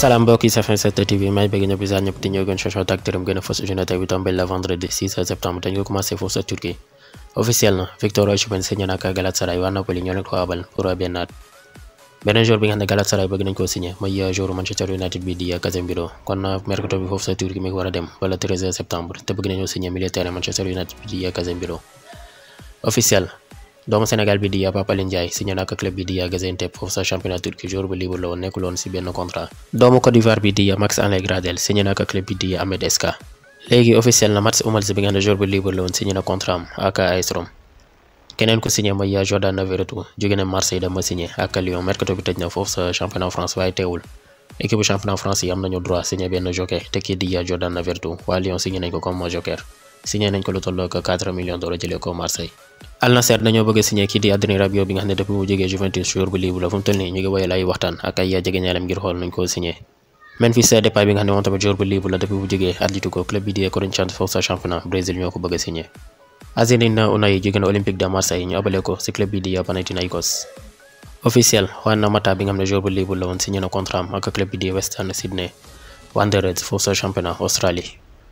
salaam mbokk yi safin TV may bëgg ñëpp di saa ñëpp di ñëw gën coco ak tërëm gën a fës journée bi tombé le vendredi septembre dañ ko commencé foofu sa Turquie officiel na Victor Osimhen signé na ak Galatasaray waa Napoli ñoo leen ko abal pour benn beneen jour bi nga xam ne Galatasaray bëgg nañ koo signé mooy jour Manchester United bi di Casemiro kon euh, mercato bi foofu sa Turquie mi ngi dem wala septembre te bëgg nañoo doomu Sénégal bi di Pape Alioune Ndiaye signé na ak club bi di Gaziantep foofu sa championnat turc jour bu libre la woon nekkul ci benn contrat. doomu Côte bi di Max Alain Gradel signé na club bi di Ahmed Eska. léegi officiel na match umal ci bi jour bu libre la woon na contrat am ak keneen ku signé mooy Jordan Verretou jóge na Marseille dama signé ak Lyon mercato bi tëj na foofu sa championnat France waaye Al Nassr dañoo bëgg a signé di Adrien Rabiot bi nga xam ne depuis mu Juventus joueur bu libre la fu mu ñu ngi woyal ay waxtaan ak ay jegeñaaleem ngir xool nañ koo signé Memphis Depay bi nga xam ne moom tamit bu libre la depuis mu jógee Atlético club bi di Corinthians foofu championnat Brésil ñoo ko bëgg a signé Azzedine Ounahi jóge na Olympique de Marseille ñu abale ko ci club bi di Panathinaikos officiel Juan Mata bi nga xam ne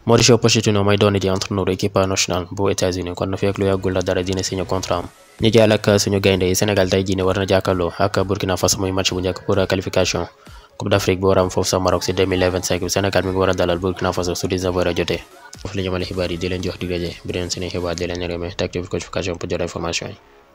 Mauricio Pochettino mooy doon di entraîneur équipe nationale bu États-Unis kon na fekk lu yàggul la dara dina signé contrat am ñu ak suñu gaynde yi tey jii war na jàkkaarloo ak Burkina Faso muy match bu njëkk pour qualification Coupe d'Afrique bu war a sa Maroc si 2025 mi ngi war dalal Burkina Faso su 19h jotee foofu la jëmale xibaar yi di leen jox di gaje bi leen seeni di leen remercier te activer notification pour jot information